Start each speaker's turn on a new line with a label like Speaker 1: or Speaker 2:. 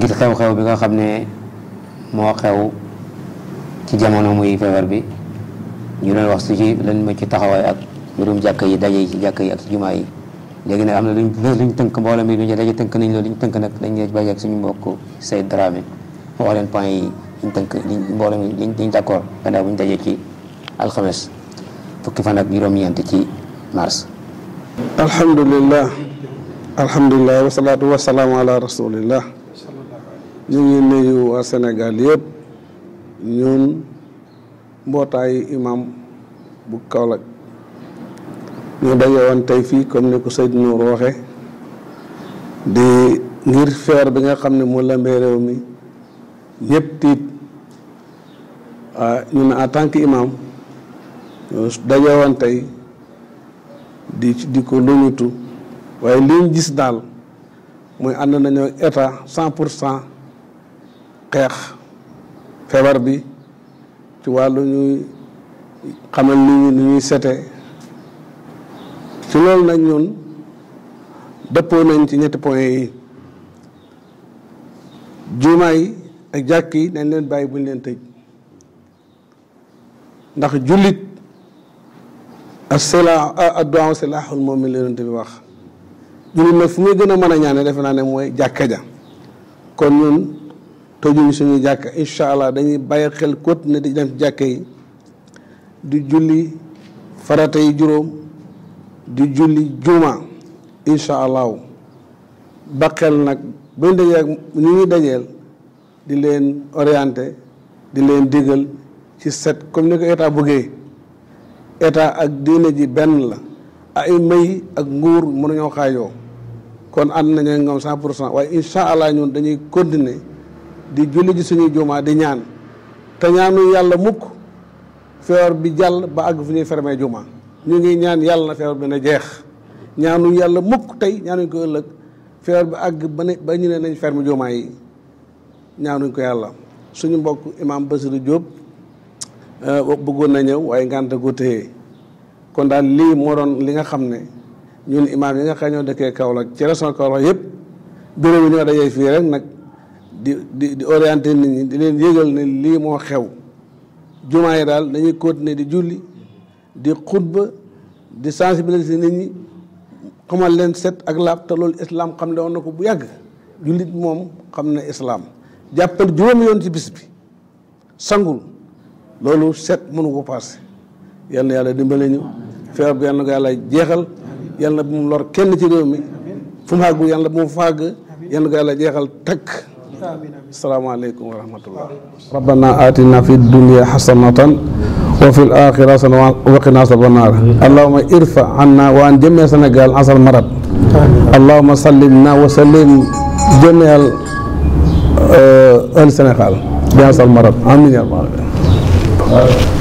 Speaker 1: ngir xew-xew bi nga xam ne moo xew ci jamono muy feebar bi ñu doon wax su ci lan ma ci taxawaay ak mbirum jàkk yi daje yi ci jàkk yi ak ci jumaa yi léegi nag am na luñ luñ tënk mbooloo mi luñ daje tënk nañ loolu liñ tënk nag dañ leen bàyyi ak suñu mbokk say dramé wax leen point yi liñ tënk liñ mbooloo mi liñ liñ d'accord gannaaw buñ dajee ci alxames fukki fan ak juróom-ñeent ci mars. alhamdulilah alhamdulilah wasalaatu wasalaamu ala rasulillah ñu ngi nuyu waa Sénégal yëpp ñun mbootaayu imam bu Kaolack ñu daje woon fii comme ni ko Seydou Nour di ngir feer bi nga xam ne moo lambee réew mi ñëpp tiit ah, ñu ne en tant que imam daje woon tey di di ko luñutu waaye li gis daal mooy ànd nañoo état cent pour cent xeex feebar bi ci wàllu ñuy xamal nit ñuy seete ci loolu nag ñun dëppoo nañ ci ñetti point yi jumaa yi ak jàkk yi nañ leen bàyyi buñ leen tëj ndax jullit ak sila adduwaaw silaaxul moom mi leen bi wax jullit nag fu muy gën a mën a ñaane defe naa ne mooy jàkke ja kon ñun tëjuñ suñu jàkk incha allah dañuy bàyyi xel na di dem jàkke yi di julli farata yi juróom di julli juuma incha allahu baqel nag buñ dajee ak ñu ñuy dajeel di leen orienté di leen dégal ci set comme ni ko état bëggee état ak diine ji benn la ay may ak nguur mënuñoo xaajoo kon ànd nañu ñoom cent pour cent waaye incha allah ñun dañuy continuer di julli ji suñuy jumaa di ñaan te ñaanu yàlla mukk feebar bi jàll ba àgg fu ñuy fermé jumaa ñu ngi ñaan yàlla na feebar bi na jeex ñaanu yàlla mukk tey ñaanuñ ko ëllëg feebar bi àgg ba ne ba ñu ne nañ fermé jumaa yi ñaanuñ ko yàlla suñu mbokk imaam Basiru Diop euh, bëggoon na ñëw waaye ngànte gu téye kon daal lii moo doon li nga xam ne ñun imaam yi nga xam ñoo dëkkee Kaolack ci région Kaolack yëpp bureau bi ñoo dajee fii rek nag di di di orienté nit ñi di leen yëgal ne lii moo xew jumaa yi daal dañuy continuer di julli di xutba di sensibiliser nit ñi xamal leen set ak laab te loolu islam xam ne woon na ko bu yàgg jullit moom xam ne islam jàppal juróomi yoon ci bis bi sangul loolu set mënu ko passé yal na yàlla dimbale ñu feebar bi yal na ko yàlla jeexal yal na bu mu lor kenn ci réew mi fu mu àggu yal na bu mu fàgg yal na ko yàlla jeexal takk asalaamaaleykum wa rahmatullah rabbana atina fi dunya xasanatan wa fi alaxira xasanatan wa qina azaban naar allahuma irfa anna wa an jami sénégal asal marad allahuma sallimna wa sallim jami eh, al sénégal bi asal marad amin ya rabbi